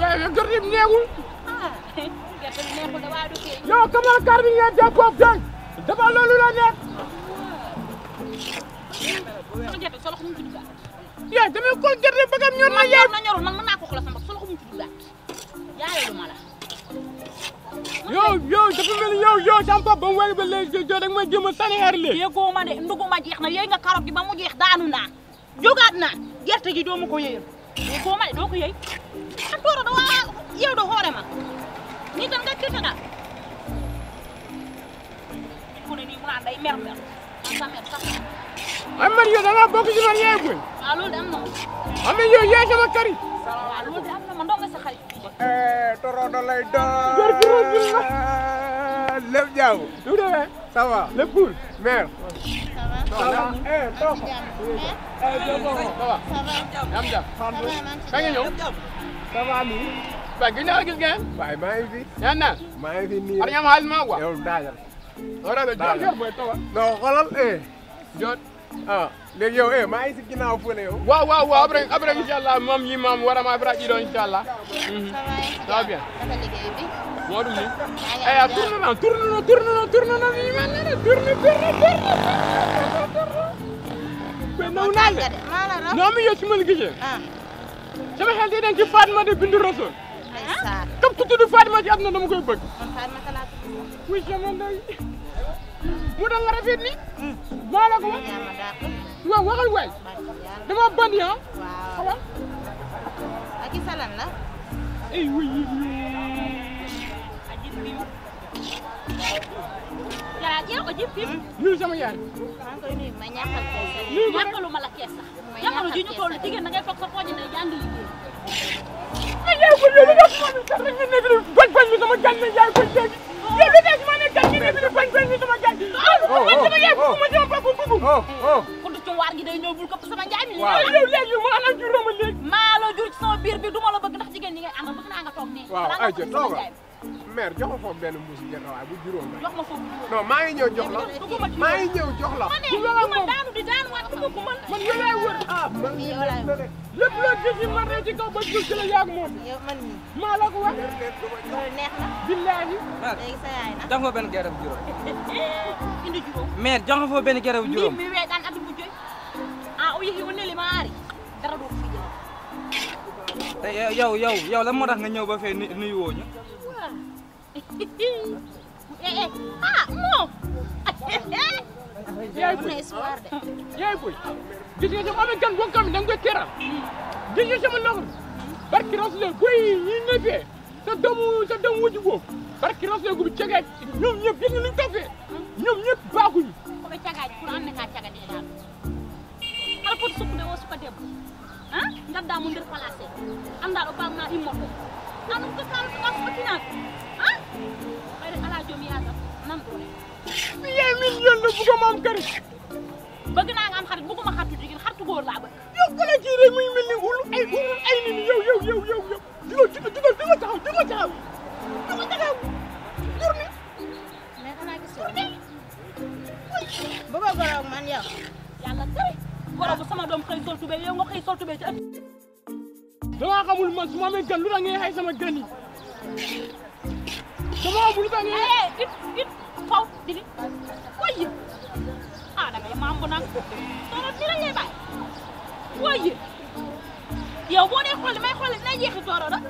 waaye gerte bi neexul. gerte ah, bi neexul da waaye du kii. yow comment kàr bi ngeen def kooku loolu la nekk. sama gerte solo xamuñ ci duggaat. mu wér da nga may de nduguma jeex na yëy nga carotte gi ba mu jeex daanu naa jógaat naa gerte gi doo ma ko yëyal yëgoo ma de doo ko toroɗo wawa ça va nii. waaw gis naa la gis ngeen. waaye maa ngi fi. yaa naan maa ngi fi nii. xanaa xaalis maa quoi. yow daajal. daajal waaw rajo booy tawal. non xoolal eh. jot ah léegi yow eh maa ngi si ginnaaw fële yow. waaw waaw waaw après après incha allah moom ñi maam war a maa bëri ci doon incha allah. Mhm. ça va bien. moo dum nii. eh ah tourne na tourne na tourne na tourne na nii mel na ne tourne tourne tourne. Ah. mais naw naa ne. maa la rafet non mais yow su ma la gisee. Ah. sama xel di dem ci de bindu Rasul. ayisa képp ku tudd Fatma ci àdduna dama koy bëgg. man Fatma ka mu dal rafet ni. Hmm. maa la ko wax. waaw waxal dama bandi ah. waaw ko ji fi nuyu sama yaay maa koy nuyu ma ñàkkal ko ñàkkalu ma la kees sax jamono ji ñu toll jigéen da ngay foog sa poñi ne jàng liggéey ma yaay ko yow yow ma ne sax ñu nekk di bañ bañ bi sama jàng ne yaay ko dégg yow lu nekk ma ne jàng ñu nekk di bañ bañ bi sama jàng man sama yaay ko ma sama papa bubu ku du ci waar gi day ñëw bul ko sama njaay mi yow léegi ma ana jur ma léegi maa la jur ci sama biir bi duma la bëgg ndax jigéen ñi ngay àndal bëgg naa nga toog nii waaw ay jël toogal mère jox ma foofu benn mbuus njëkk waaye bu juróom la. jox ma foofu non maa ngi ñëw jox la. maa ngi ñëw jox la. bu loolu moom daanu di daanu waat ko ko man. man yéen a wër ah man yéen a wër lépp loo gis yi man ci kaw ba jur ci la yàgg moom. yow man mii. maa la ko wax. loolu neex na. billaahi. léegi sa yaay na. jox ma benn garabu juróom. indi juróom. mère jox ma foofu benn garabu juróom. mi mi wee daan adu bu joy ah o yéexi wane li ma aari dara doo fi jël. te yow yow yow lan moo tax nga ñëw ba fee nuyu woo ñu eh ah mo yaay buy yaay buy gis nga sama amee gan boo xam ne da nga koy teral gis nga barki rasule buy yi ne sa doomu sa doomu wuju barki rasule gu bi cagaaj ñoom ñëpp gis nga ko be cagaaj pour am na ka cagaaj daal ala pot sukkude suka debbo han gadda mo nder placé anda ɗo bamma immoto anum ko kalko ɗam fotinaka yaay million la bëgg ma am kër bëgg naa nga am xarit bëgguma xaritu jigéen xaritu góor laa bëgg yow ko la ci rek muy mel ni wul ay wul ay nit yow yow yow yow yow yow jugal jugal jugal taxaw jugal taxaw jugal taxaw tourné mais xanaa gis tourné bëgg góor ak man yow yàlla tere góor bu sama doom xëy sol tubéy yow nga xëy sol tubéy ci ëpp dama xamul man su ma amee gan lu la ngay xay sama gan yi Hey, hey, git, git, kau, dili. Woi, ada kayak mampu nang. Tolong tidak ya, bay. Woi, ya boleh kalau main kalau nanya ke suara dah.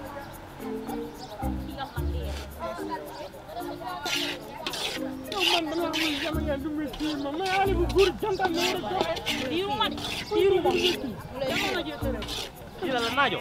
man dama amul jamono du metti ma ma ali bu góor jantal ma war a joxe diiru ma de diiru ma jamono jotee rek la naajo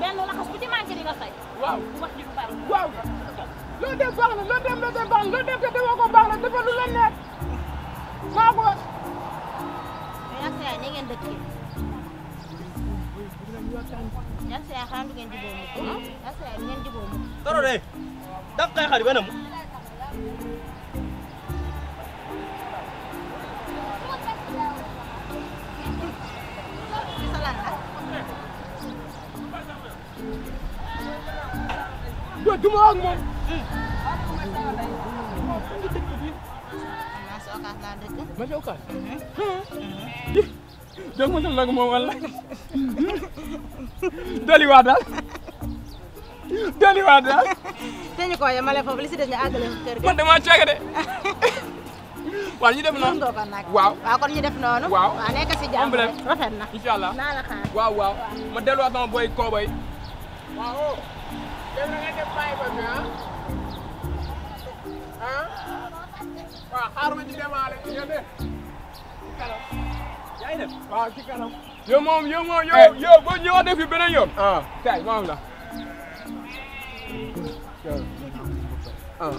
benn laxas bu ci manqué di nga fay. waaw wax ji bari. waaw loo dem baax na loo dem loo dem baax na loo dem te defoo ko baax na dafa lu la nekk maa ko. mais sa yaay ne ngeen dëkkee. yaa sa yaay xanaa du ngeen jubóo mu. Hmm? yaa sa yaay du ngeen jubóo mu. toro de daf kay xari benam. duma ak moom. ma jox ko. dégg nga nag moom wala. doliwaat daal. doliwaat daal. te ñu ko yemale foofu li si des nga àggale kër ga. man damaa ceege de. waaw ñu def noonu waaw waaw kon ñu def noonu. waaw waaw nekk si jàmm rek rafet na. incha allah naa la xaar waaw waaw ma delluwaat sama boy Koobay. waaw. dem na nga def bàyyi ba bi ah ah waaw xaar ma ci demaale yow de ci kanam yaay def waaw ci kanam yow moom yow moom yow eh. yow boo ñëwaat def fi beneen yoon ah kay moom la ah, ah.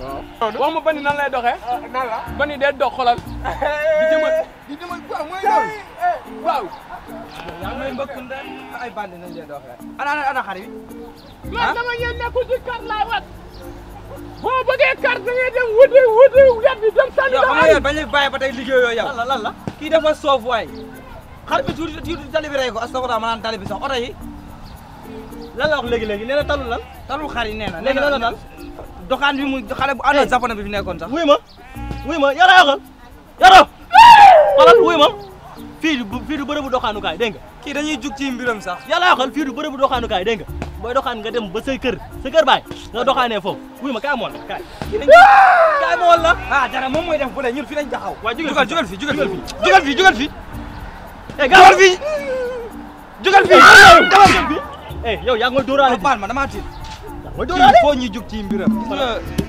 waaw. wax ma bani nan lay doxee. Ah, nan la bani dee dox xolal. Eh. di jëmal di jëmal waaw mooy loolu eh. waaw. yaa may mbëkk ndey ay bandi nañ leen di wax rek ana ana xar yi. man dama ngeen nekkul ci kar laay wat. boo bëggee kar da ngay dem wuti wuti wet bi dem sànni. yow xam nga yow bañ la bàyyi ba tey liggéeyoo yow. lan la lan la kii dafa soof waay. xar bi tuuti tuuti tali bi rey ko astafurlah ma naan tali bi sax oto yi. lan la wax léegi léegi nee na talul lan. talul xar yi nee na léegi lan la dal. doxaan bi mu xale bu àndoon japonais bi fi nekkoon sax. wuy ma wuy ma yoroo yoroo yoroo. xoolal wuy ma. fii du fii du bërëbu doxaanukaay dégg nga kii dañuy jug ci mbiram sax yàlla waxal fii du bërëbu doxaanukaay dégg nga booy doxaan nga dem ba sa kër sa nga doxaanee foofu wuy ma kaay mool la kaay kaay mool la ah dara moom mooy def bu dee ñun fi lañ taxaw waaw jugal jugal fi jugal fi jugal fi jugal fi eh, eh ma dóoraale baal ma damaa tiit foo ñuy jug ci mbiram